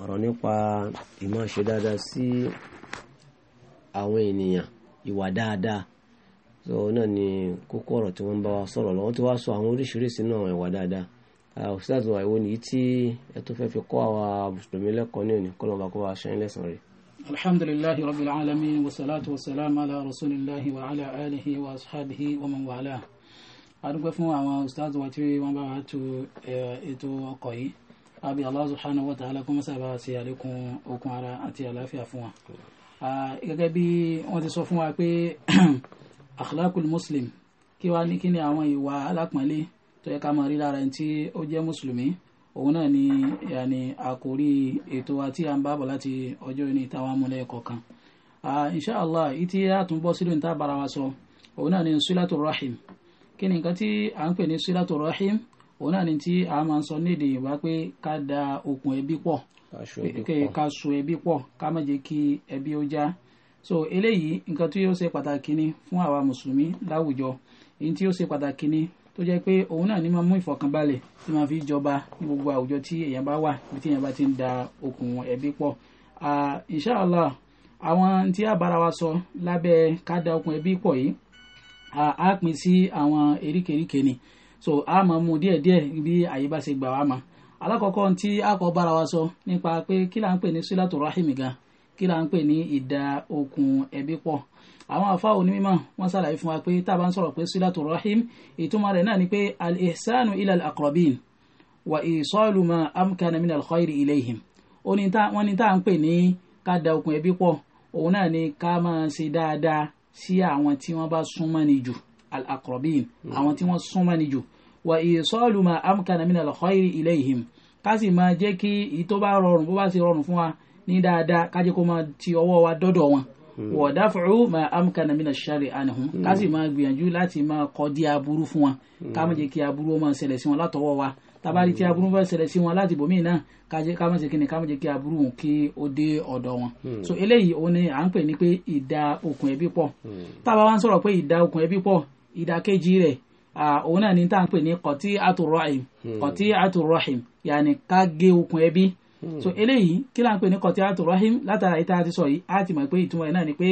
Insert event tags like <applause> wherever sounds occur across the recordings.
ọ̀rọ̀ nípa ìmọ̀ ṣe dáadáa sí àwọn ènìyàn ìwà dáadáa so náà ni kókó ọ̀rọ̀ tí wọ́n ń bá wa sọ̀rọ̀ lọ́wọ́ tí wọ́n sọ àwọn oríṣiríṣi náà ìwà dáadáa òṣìṣẹ́ àti ìwà ní tí ẹ tó fẹ́ fi kọ́ àwa mùsùlùmí lẹ́kọ̀ọ́ ní òní kọ́lọ́ba kó wa ṣẹ́yìn lẹ́sàn-án rẹ̀. alhamdulillahi rabbil alamin wa salatu wa salam ala rasulillahi wa ala alihi wa ashabihi wa man wala. a dúpẹ́ fún àwọn ustaz wa tí wọ́n bá wa tu eh, ètò ọkọ̀ yìí abi Allah subhanahu wa ta'ala kó mọ́sàbà ṣe àlékún okun ara àti àlàáfíà fún wa gẹ́gẹ́ bí wọ́n ti sọ fún wa pé <clears throat> akhlaqul muslim kí wá ní kí ni àwọn ìwà alápọ̀nlé tó yẹ ká máa rí lára ẹni tí ó jẹ́ mùsùlùmí òun náà ni yàní àkórí ètò wa tí a ń bábọ̀ láti ọjọ́ ìní táwọn amúlẹ̀ kọ̀ọ̀kan inṣàlá ìtí àtúnbọ̀ sílùú ní tábàrà wa sọ òun náà ni sílátù rahim kí ni nǹkan tí à ń pè ní sílátù rahim òun náà ni tí a máa ń sọ ní èdè Yorùbá pé ká da okùn ẹbí pọ̀ ká so ẹbí pọ̀ ká má jẹ́ kí ẹbí ó já so eléyìí nǹkan tí ó ṣe pàtàkì ni fún àwa mùsùlùmí láwùjọ èyí tí ó ṣe pàtàkì ni tó jẹ́ pé òun náà ní máa mú ìfọ̀kànbalẹ̀ tí máa fi jọba ní gbogbo àwùjọ tí èèyàn bá wà bí tí èèyàn bá ti ń da okùn ẹbí pọ̀ inshallah àwọn tí a bára wa sọ lábẹ́ ká da okùn ẹbí pọ̀ yìí a sí àwọn eríkèríkè ni so a mọ̀ mú díẹ̀ díẹ̀ bí àyè bá ṣe gbà wá mọ̀ alákọ̀ọ́kọ́ tí a kọ́ bára wa sọ nípa pé kí là ń pè ní sílátù rahimi gan kí là ń pè ní ìdá okùn ẹbí pọ̀ àwọn àfáà onímọ̀ wọ́n ṣàlàyé fún wa pé tá a bá ń sọ̀rọ̀ pé sílátù rahim ìtumọ̀ rẹ̀ náà ni pé al-ihsanu ila al-aqrabin wa isalu ma amkana min al-khayri ilayhim wọ́n ní tá à ń pè ní ká da okùn ẹbí pọ̀ òun náà ni ká máa ṣe dáadáa sí àwọn tí wọ́n bá súnmọ́ ni jù al-aqrabin àwọn tí wọ́n súnmọ́ ni jù wà ìsọ́ọ̀lù ma amkana min al-khayri ilayhim ká sì máa jẹ́ kí èyí tó bá rọrùn bó bá sì rọrùn fún wa ní dáadáa ká jẹ́ kó máa ti ọwọ́ wa dọ́dọ̀ wọn hmm. wa daf'u ma amkana min ash-sharri anhum hmm. ká sì máa gbìyànjú láti máa kọ́ di aburú fún wa hmm. ká má jẹ́ kí aburú ó máa ṣẹlẹ̀ sí wọn látọwọ́ wa tabari tí aburú bá ṣẹlẹ̀ sí wọn láti bòmíì náà ká má ṣe kí ni ká jẹ́ kí aburú wọn kí ó dé ọ̀dọ̀ wọn. so eléyìí òun ni à ń pè ní pé ìdá okùn ẹbí pọ̀ tábà wá ń sọ̀rọ̀ pé ìdá okùn ẹbí pọ̀ ìdàkejì rẹ̀ òun náà ní tá à ń pè ní kọtí àtúrọ̀hìm kọtí àtúrọ̀hìm yàní ká gé okùn ẹbí hmm. so eléyìí kí là ń pè ní kọtí àtúrọ̀hìm látara ìta ti sọ yìí á mọ̀ pé ìtumọ̀ ẹ̀ náà ni pé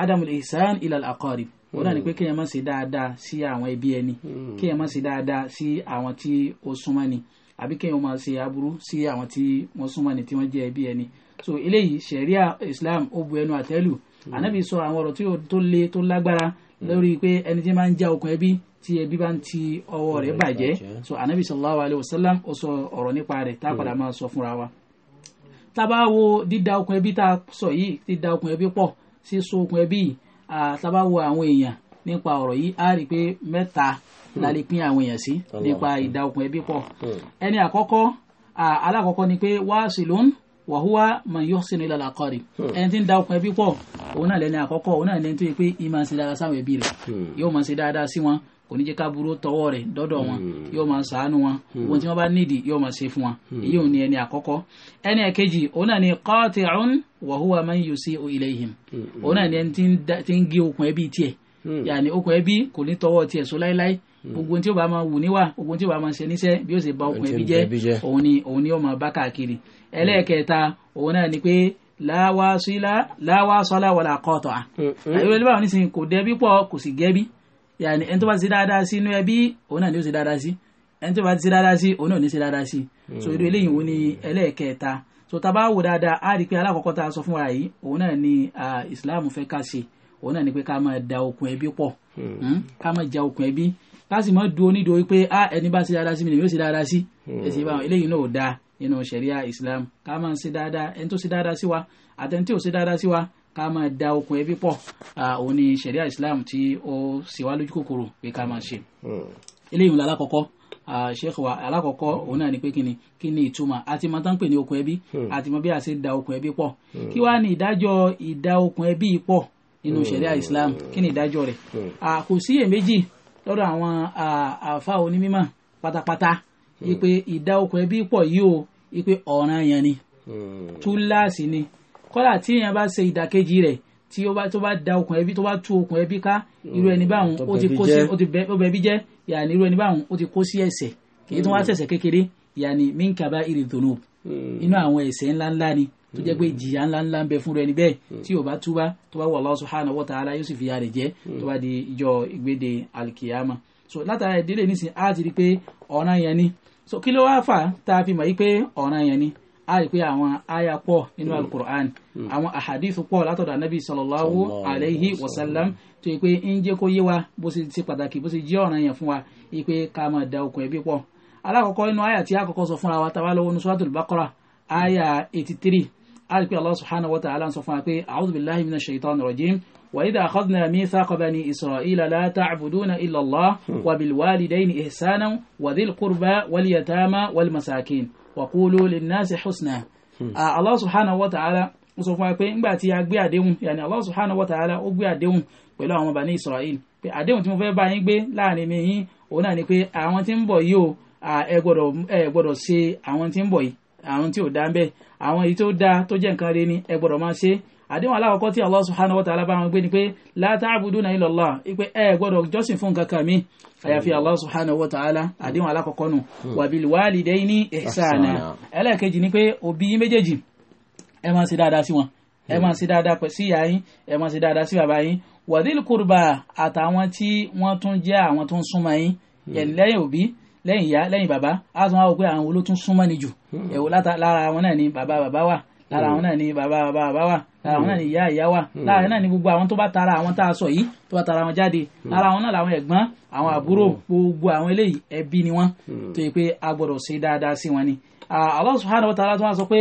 adamu ihsan ilal akọrib òun náà ni pé hmm. kéèyàn má ṣe dáadáa sí àwọn ẹbí ẹni hmm. kéèyàn má ṣe dáadáa sí àwọn tí ó súnmọ́ ni àbí kéèyàn má ṣe aburú sí àwọn tí wọ́n súnmọ́ ni tí wọ́n jẹ́ ẹbí ẹni so eléyìí ṣẹ̀ríà islam ó bu ẹnu àtẹ́lù ànábì sọ àwọn ọ̀rọ̀ tó le tó lágbára Mm. lórí pé ẹni tí máa ń já okùn ẹbí tí ẹbí bá ń ti ọwọ́ rẹ̀ bàjẹ́ so anabi sallallahu alayhi wa sallam ó sọ ọ̀rọ̀ nípa rẹ̀ tá a padà mm. máa sọ fúnra wa tá a bá wo dídá okùn ẹbí tá a sọ yìí dídá okùn ẹbí pọ̀ síso okùn ẹbí yìí tá a bá wo àwọn èèyàn nípa ọ̀rọ̀ yìí á rí i pé mẹ́ta la mm. lè pín àwọn èèyàn sí nípa ìdá okùn ẹbí pọ̀ ẹni àkọ́kọ́ alákọ̀ọ́kọ́ ni pé wàásìlún wàhúwà man yuhsinu ila al-aqarib hmm. ẹni tí ń da okùn ẹbí pọ̀ òun náà lẹ́ni àkọ́kọ́ òun náà lẹ́ni tó yẹ pé ìmọ̀ ṣe dáadáa sáwọn ẹbí rẹ̀ hmm. yóò máa ṣe dáadáa sí wọn kò ní jẹ́ ká burú tọwọ́ rẹ̀ dọ́dọ̀ wọn hmm. yóò máa ṣàánú wọn ohun tí wọ́n bá nídìí yóò máa ṣe fún wọn èyí ò ní ẹni àkọ́kọ́ ẹni ẹ̀kejì òun náà ni qati'un wàhúwà man yusi'u ilayhim òun náà ni ẹni tí ń gé okùn ẹbí tiẹ̀ Hmm. yàní okùn ẹbí kò ní tọwọ́ tiẹ̀ so láéláé hmm. gbogbo tí o bá máa wù níwà gbogbo tí o bá máa ṣe níṣẹ́ bí ó ṣe ba okùn ẹbí jẹ́ òun ni òun ni ó máa bá káàkiri hmm. ẹlẹ́ẹ̀kẹta òun náà ni pé láwàásílá láwàásọ́lá wàlà kọ́tọ̀ à ìwé ìlú báwọn nísìnyí kò dẹbí pọ̀ kò sì gẹ́bí yàní ẹni tó bá ti ṣe dáadáa sí inú ẹbí òun náà ni ó ṣe dáadáa sí ẹni tó bá ti ṣe dáadáa sí òun náà ní ṣe dáadáa sí so irú eléyìí òun ni ẹlẹ́ẹ̀kẹta so tá a bá wò dáadáa á rí i pé alákọ̀ọ́kọ́ tá sọ fún wa yìí òun náà ni Islam fẹ́ ká ṣe òun náà ni pé ká máa da okùn ẹbí pọ̀ hmm. Hmm? ká máa ja okùn ẹbí ká sì máa du onídòó pé a ẹni bá ṣe dáadáa sí mi lèmi ó ṣe dáadáa sí hmm. ẹsìn ìbáwọn eléyìí náà ò dáa nínú ṣẹ̀ríà Islam ká máa ṣe dáadáa ẹni tó ṣe dáadáa sí wa àtẹni tí ò ṣe dáadáa sí wa ká máa da okùn ẹbí pọ̀ òun ni ṣẹ̀ríà Islam tí ó sì wá lójú kòkòrò pé ká máa ṣe eléyìí ńlá alákọ̀ọ́kọ́ sheikh wa alákọ̀ọ́kọ́ òun náà ni pé kíni kíni ìtumọ̀ àti mọ tán pè ní okùn ẹbí àti mọ bí a ṣe da okùn ẹbí pọ̀ kí wàá ní ìdájọ́ ìdá okùn ẹbí pọ̀ nínú hmm. ṣẹ̀ríà islam kí ni ìdájọ́ rẹ̀ hmm. kò sí èméjì lọ́dọ̀ àwọn àfa onímọ̀ pátápátá ipe hmm. ìdá okùn ẹbí pọ̀ yìí o ipe ọ̀ràn yẹn ni túláàsì ni kọ́lá tí èèyàn bá ṣe ìdàkejì rẹ̀ tí ó bá tó bá da okùn ẹbí tó bá tú okùn ẹbí ká irú ẹni báwọn ó ti kó sí ó ti bẹ ẹbí jẹ yàní irú ẹni báwọn ó ti kó sí ẹ̀ṣẹ̀ kì í tún wá ṣẹ̀ṣẹ̀ kékeré yàní mínkàbá ìrìndòdò inú àwọn ẹ̀ṣẹ̀ ńláńlá ni tó jẹ́ pé ìjìyà ńláńlá ń bẹ fún rẹ níbẹ̀ hmm. tí ò bá túbá tó bá wọ Allah subhanahu wa ta'ala yóò sì fìyà rẹ̀ jẹ hmm. tó bá di ìjọ ìgbéde alkiyama so látara ìdílé nísìnyí á ti rí pé ọ̀ràn yẹn ni so kí ló wá fà tá a fi mọ̀ yí pé ọ̀ràn yẹn ni a rí pé àwọn aya pọ̀ nínú hmm. alukur'an àwọn ahadithu pọ̀ látọ̀dọ̀ anabi sallallahu alayhi wa sallam tó yẹ pé ń jẹ́ kó yé wa bó ṣe ṣe pàtàkì bó ṣe jẹ́ ọ̀ràn yẹn fún wa yí pé ká máa da okùn ẹbí pọ̀ alákọ̀ọ́kọ́ inú aya tí a kọ́kọ́ sọ fúnra wa tá a bá lọ́wọ́ nusratul baqara aya eighty three àríkí Allah subhanahu wa ta'ala sọ fún wa pé a'udhu billahi minash shaitani rajim wa idha akhadna mithaqa bani isra'ila la ta'buduna illa Allah hmm. wa bil walidayni ihsanan wa dhil qurba wal yatama wal masakin wa qulu lin nasi husna hmm. Allah subhanahu wa ta'ala ó sọ fún wa pé ńgbà tí a gbé àdéhùn yàní Allah subhanahu wa ta'ala ó gbé àdéhùn pẹ̀lú àwọn bani israel pé àdéhùn tí mo fẹ́ bá yín gbé láàrin mi yín òun náà ni pé àwọn tí ń bọ̀ yìí o ẹ gbọ́dọ̀ ṣe àwọn tí ń bọ̀ yìí àwọn tí ò dá ń bẹ àwọn èyí tó dá tó jẹ́ nǹkan rẹ ni ẹ gbọ́dọ̀ máa ṣe àdéhùn alákọ̀ọ́kọ́ tí Allah subhanahu wa ta'ala bá wọn gbé ni pé la ta'buduna illallah ipe ẹ gbọ́dọ̀ jọ́sìn fún kankan mi àyàfi Allah subhanahu wa ta'ala àdéhùn alákọ̀ọ́kọ́ nù hmm. wa bil walidayni ihsana ẹlẹ́ẹ̀kejì ni pé òbí méjèèjì ẹ máa ṣe dáadáa sí wọn ẹ hmm. máa ṣe dáadáa sí ìyá yín ẹ máa ṣe dáadáa sí bàbá yín wa dhil qurba àtàwọn tí wọ́n tún jẹ́ àwọn tó ń súnmọ́ yín yẹn hmm. lẹ́yìn òbí lẹ́yìn ìyá lẹ́yìn bàbá a tún wá wò pé àwọn wo ló tún súnmọ́ ni jù hmm. ẹ̀wò lára wọn náà ni bàbá bàbá wà lára àwọn hmm. náà ni bàbá bàbá bàbá wà lára àwọn náà ni hmm. ìyá ìyá wà lára náà ni gbogbo àwọn tó bá tara àwọn tá a sọ yìí tó bá tara wọn jáde lára àwọn náà làwọn ẹ̀gbọ́n àwọn àbúrò gbogbo àwọn eléyìí ẹbí ni wọn tó yẹ pé a gbọdọ̀ ṣe dáadáa sí wọn ni Allah subhanahu wa ta'ala tó wá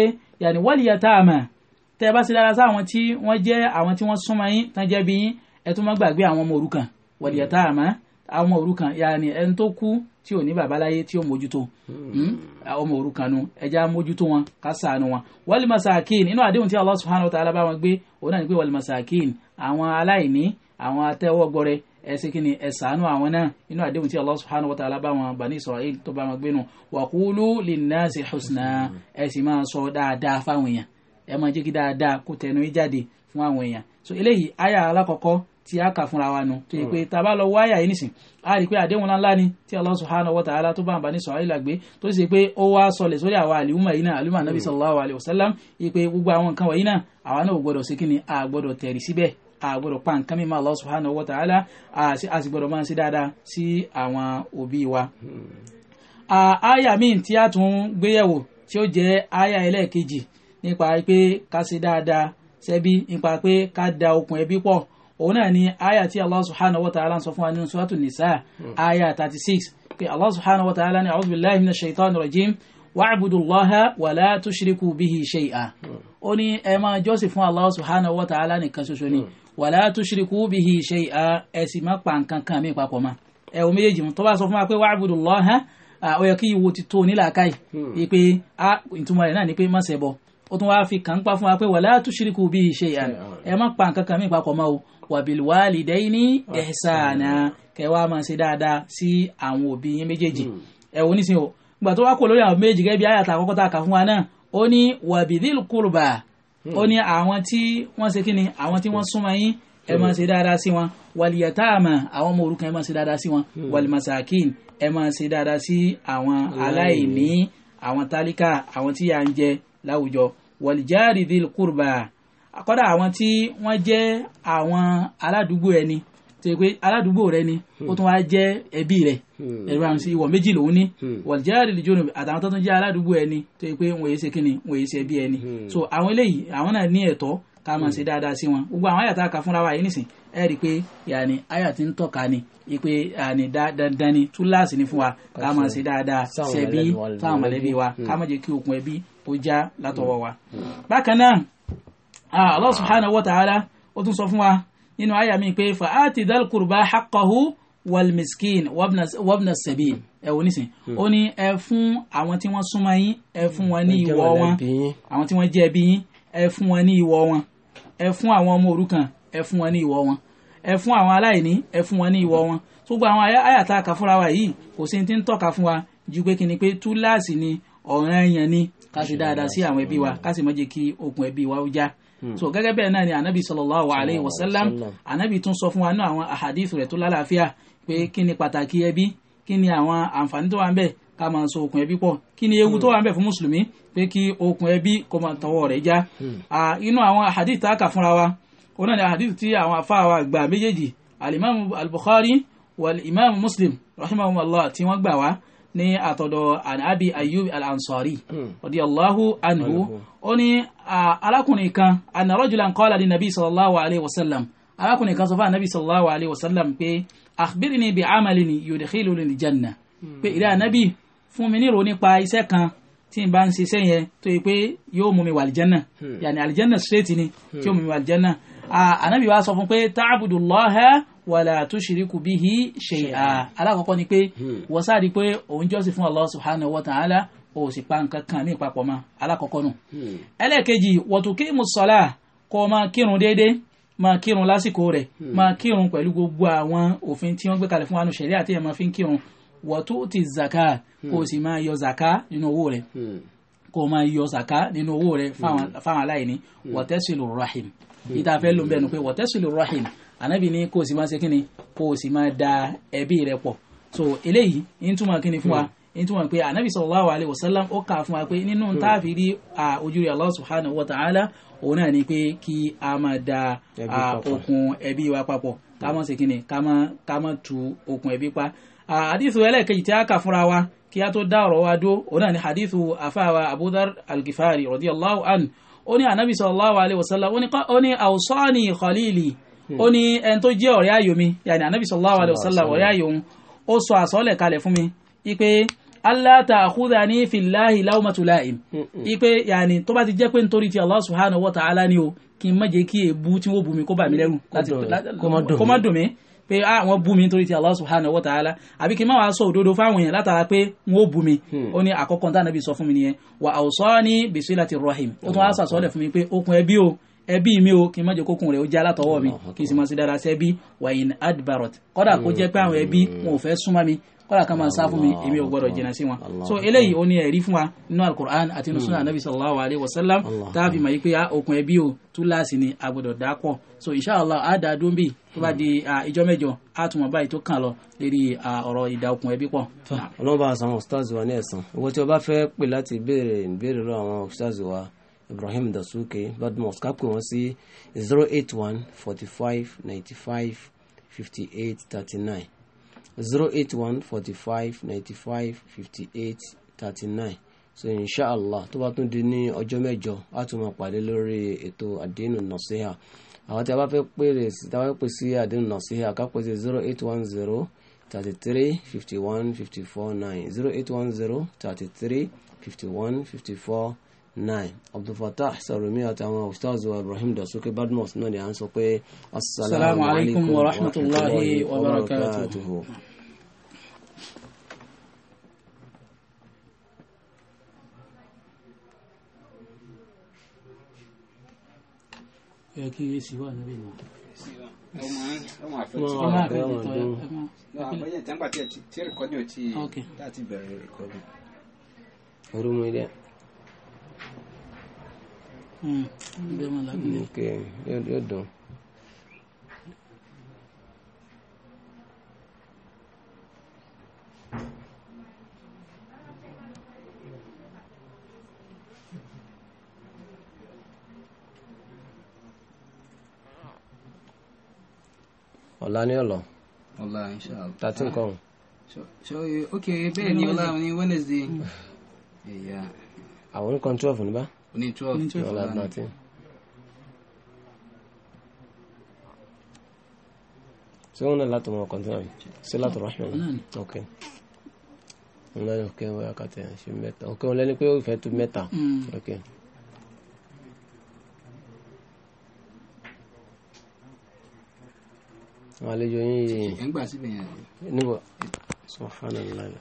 tí ò ní bàbá láyé tí ó mójútó hmm? Hmm. ọmọ òrukàn nu ẹja mójútó wọn ká ṣàánú wọn wal masakin inú àdéhùn tí Allah subhanahu wa ta'ala bá wọn gbé òun náà ní pé wal masakin àwọn aláìní àwọn atẹ́wọ́ gbọrẹ ẹsẹ kí ni ẹ ṣàánú àwọn náà inú àdéhùn tí Allah subhanahu wa ta'ala bá wọn Bani Isra'il tó bá wọn gbé nu wa qulu linnasi husna ẹ sì máa sọ dáadáa fáwọn èèyàn ẹ máa jẹ́ kí dáadáa kó tẹnu tí a kà fúnra wa nu tó yẹ pé hmm. tá a bá lọ wáyà yìí nìsín a rí i pé àdéhùn ńláńlá ni tí Allah subhanahu wa ta'ala tó bá ń bá ní sọ̀rọ̀ ìlàgbé tó ṣe pé ó wá sọlẹ̀ sórí àwa àlùmọ̀ yìí náà àlùmọ̀ nàbí hmm. sallallahu alayhi wa sallam ìpè gbogbo àwọn nǹkan wọ̀nyí náà àwa náà ò gbọdọ̀ ṣe kí ni a gbọdọ̀ tẹ̀rí síbẹ̀ a gbọdọ̀ pa nǹkan mímọ́ Allah subhanahu wa ta'ala a sì gbọdọ̀ máa ń ṣe dáadáa sí àwọn òbí wa. Hmm. àyà míì tí a tún gbéyẹ̀wò tí ó jẹ́ àyà ẹlẹ́ẹ̀kejì nípa pé ká ṣe dáadáa sẹ́bí nípa pé ká da okùn ẹbí pọ̀ òun náà ni aya tí allah subhanahu wa ta'ala sọ fún wa nínú suratu nisa aya hmm. thirty six pé allah subhanahu wa ta'ala ni a'udhu billahi minash shaitani rajim wa'budu allaha wa la tushriku bihi shay'a hmm. ó ní ẹ máa jọ́sìn fún allah subhanahu wa ta'ala nìkan ṣoṣo ni hmm. wa la tushriku bihi shay'a ẹ sì má pa nǹkan kan mi papọ̀ mọ́ ẹ o méjèèjì tó bá sọ fún wa pé wa'budu allaha ó yẹ kí ìwo ti tó nílàákàyè pé ìtumọ̀ rẹ̀ náà ni pé má ṣẹbọ ó tún wá fi kàn ń pa fún wa pé wa la bihi shay'a ẹ má pa nǹkan kan mi papọ̀ mọ́ o wàbíwálìdẹ́yìní ẹ̀sánà kẹwàá máa ṣe dáadáa sí àwọn òbí yín méjèèjì hmm. ẹ wo nísìnyí o gbà tó wá kó lórí àwọn méjì gẹ́gẹ́ bí àyàtà àkọ́kọ́ tá a kà fún wa náà ó ní wàbídìl hmm. ó ní àwọn tí wọ́n ṣe kíni àwọn tí wọ́n súnmọ́ yín ẹ máa ṣe dáadáa sí wọn wàlìyàtàmà àwọn ọmọ òrukàn ẹ máa ṣe dáadáa sí wọn hmm. wàlìmàsàkìn ẹ máa ṣe dáadáa sí àwọn aláìní àwọn tálíkà àwọn tí yà ń jẹ láwùjọ wàlìjáàrídìl kọ́dà àwọn tí wọ́n jẹ́ àwọn aládùúgbò ẹni tẹ pé aládùúgbò rẹ ni ó tún wá jẹ ẹbí rẹ hmm. ẹbí àwọn sí ìwọ méjì lòún ní wọlìjáde lè jóni àtàwọn tó tún aládùúgbò ẹni tẹ pé wọn èyí ṣe kíni wọn èyí ṣe ẹbí ẹni hmm. so àwọn eléyìí àwọn náà ní ẹ̀tọ́ ká máa hmm. ṣe dáadáa sí wọn gbogbo àwọn àyàtà kan fúnra wa yìí nìsín ẹ rí i pé yàní àyà ti ń tọ́ka ni ipe àní dandan ni túláàsì ni fún wa ká máa ṣe dáadáa ṣẹbí fáwọn mọ̀lẹ́bí wa ká má jẹ́ kí okùn ẹbí ó já látọwọ́ wa. bákan náà Ah, Allah subhanahu wa ta'ala ó tún sọ fún wa nínú àyà mi pé fa ati dal kurba haqqahu wal miskin wabna sabil ẹ wò nísìn hmm. ó ní ẹ fún àwọn tí wọ́n súnmọ́ yín ẹ fún wọn ní ìwọ wọn àwọn tí wọ́n jẹ́ ẹbí yín ẹ fún wọn ní ìwọ wọn ẹ fún àwọn ọmọ òrukàn ẹ fún wọn ní ìwọ wọn ẹ fún àwọn aláìní ẹ fún wọn ní ìwọ wọn gbogbo àwọn àyàtà kà fúnra wa yìí kò sí ti ń tọ́ka fún wa ju pé kíni pé túláàsì ni ọ̀ranyàn ni ká ṣe dáadáa sí àwọn ẹbí wa ká sì má jẹ́ kí okùn ẹbí wa ó já Hmm. so gẹ́gẹ́ bẹ́ẹ̀ náà ni anabi sallallahu alayhi wa sallam anabi tún sọ fún wa ní àwọn ahadith rẹ̀ tó lálàáfíà pé hmm. kí ni pàtàkì ẹbí kí ni àwọn àǹfààní tó wà ń bẹ ká máa so okùn ẹbí pọ̀ kí ni ewu hmm. tó wà ń bẹ fún mùsùlùmí pé kí okùn ẹbí kó máa tọwọ́ rẹ̀ já inú àwọn ahadith tá a kà fúnra wa òun náà ni ahadith tí àwọn afá gbà méjèèjì alimami al wal imam muslim rahimahumullah tí wọ́n gbà wá ní àtọ̀dọ̀ ànábì ayub al-ansari hmm. radiyallahu anhu ó ní alákùnrin kan anna rajulan qala li nabi sallallahu alayhi wa sallam arákùnrin kan sọ fún anabi sallallahu alayhi wa sallam pé akhbirni bi amalini yudkhiluni aljanna hmm. pé ìdá anabi fún mi nírò nípa iṣẹ́ kan tí n bá ń ṣiṣẹ́ yẹn tó yẹ pé yóò mú mi wà aljanna hmm. straight ni tí yóò mú mi wà aljanna anabi wa sọ fún pé ta'budullaha wàlà tushriku bihi shay'a alákọ̀ọ́kọ́ ni pé hmm. wọ́n sáré pé òun jọ́sìn fún Allah subhanahu wa ta'ala o sì pa nǹkan kan ní ìpapọ̀ mọ́ alákọ̀ọ́kọ́ nù. Hmm. ẹlẹ́ẹ̀kejì wọ̀tùkímù sọ́lá kọ́ máa kírun déédéé máa kírun lásìkò rẹ̀ hmm. máa kírun pẹ̀lú gbogbo àwọn òfin tí wọ́n gbé kalẹ̀ fún wa nù ṣẹ̀ríà tí ẹ̀ máa fi kírun wọ̀tù ti zaka kó o sì máa yọ zaka nínú owó rẹ̀ kó o máa yọ sàká nínú owó rẹ fáwọn mm. aláìní mm. wọ́tẹ́sílù rahim mm. ìta fẹ́ ló ń bẹnu pé wọ́tẹ́sílù rahim ànábì ní kó o sì máa ṣe kíni kó sì máa da ẹbí rẹ pọ̀ so eléyìí ń túmọ̀ kíni fún wa ń túmọ̀ pé ànábì sallallahu alayhi wa sallam ó kà fún wa pé nínú táàfin rí ojú rẹ Allah subhanahu wa ta'ala òun náà ni pé kí a máa da okùn ẹbí wa papọ̀ ká má ṣe kíni ká má tú okùn ẹbí pa hadithu ẹlẹ́ẹ̀kejì tí a kà fúnra wa kí a tó dá ọ̀rọ̀ wa dó òun náà ni hadithu afáwa abudar algifari radiyallahu an ó ní anabi sallallahu alayhi wa sallam ó ní awsani khalili ó ní ẹni tó jẹ́ ọ̀rẹ́ ayò mi yàní anabi sallallahu alayhi wa sallam ọ̀rẹ́ ayò òun ó sọ àsọ́lẹ̀ kalẹ̀ fún mi ipe allah ta'khudhani fillahi lawmatu la'im ipe yàní tó bá ti jẹ́ pé nítorí ti allah subhanahu wa ta'ala ni o kí n má jẹ́ kí èébú tí wọ́n bú mi kó bà mí kó má dùn mí pé àwọn ah, bú mi nítorí ti Allah subhanahu wa ta'ala àbí kí n má wàá sọ òdodo fáwọn èèyàn látara pé wọn ò bú mi hmm. ó ní àkọ́kọ́ tá nàbí sọ fún mi nìyẹn wà awsani bisilati rahim ó tún wá sàsọ́lẹ̀ fún mi pé okùn ẹbí o ẹbí mi o kí n má jẹ́ kókun rẹ̀ ó jẹ́ alátọwọ́ mi kí n sì máa ṣe dára sí ẹbí wàyìn adbarot kódà kó jẹ́ pé àwọn ẹbí hmm. wọn ò fẹ́ súnmọ́ mi kọ́ra kan máa sá fún mi èmi ò gbọ́dọ̀ jìnnà sí wọn so eléyìí ó ní ẹ̀rí fún wa nínú alukur'an àti nínú sunnah anabi hmm. sallallahu alayhi wa sallam tá a fi yí pé ah, okùn ẹbí o túláàsì ni a gbọ́dọ̀ so inshallah a dá dún bí tó bá di ìjọ mẹ́jọ a tún mọ̀ báyìí tó kàn lọ lérí ọ̀rọ̀ ìdá okùn ẹbí pọ̀. ọlọ́ba àsàn ustaz wa ní ẹ̀sán owó tí o bá fẹ́ pè láti béèrè ìbéèrè lọ àwọn ustaz wa ibrahim dasuke badmus kápẹ́ wọn sí zero eight one forty five ninety five fifty eight thirty nine zero eight one forty five ninety five fifty eight thirty nine so inshallah tó bá tún di ní ọjọ́ mẹ́jọ a tún máa pàdé lórí ètò àdéhùn nasiha àwọn tí a bá fẹ́ pèrè tí a bá pè sí àdéhùn nasiha ká pèsè zero eight one zero thirty three fifty one fifty four nine zero eight one zero thirty three fifty one fifty four nine abdulfatah sarumi àti àwọn ustaz wa ibrahim dasuke badmus náà ni à ń sọ pé asalaamualeykum wa rahmatulahi wa barakatuhu. ẹ kí èsì wà níbí náà. ọmọ àfẹ́tì ọmọ àfẹ́tì ọmọ àfẹ́tì tẹ́ńpà tí rìkọ́dì ò tí láti bẹ̀rẹ̀ rìkọ́dì. Hmm, ok yóò dùn. ọ̀la ní ọ̀lọ́. ọ̀la inshallah. thirteen nǹkan. sọrí ok bẹ́ẹ̀ ni ọ̀la ní wednesday. àwọn nǹkan twelve ní bá. ní twelve ọ̀la thirteen. ṣé wọn náà látọ̀ mọ́ kọ́ńtínà yìí ṣé látọ̀ rahman ok wọn ok. ní òkè wọn akátẹ ṣe mẹ́ta òkè wọn lẹ́ni pé ó fẹ́ tu mẹ́ta mm. ok. okay. àwọn àlejò yín yìí nígbà síbẹ̀ yẹn